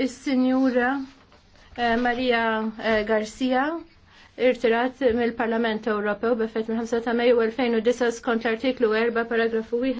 is-Sinjura eh, Maria eh, Garcia irtirat mill-Parlament Ewropew b'effett mill-5 ta' Mejju 2009 skont l-artiklu 4 paragrafu 1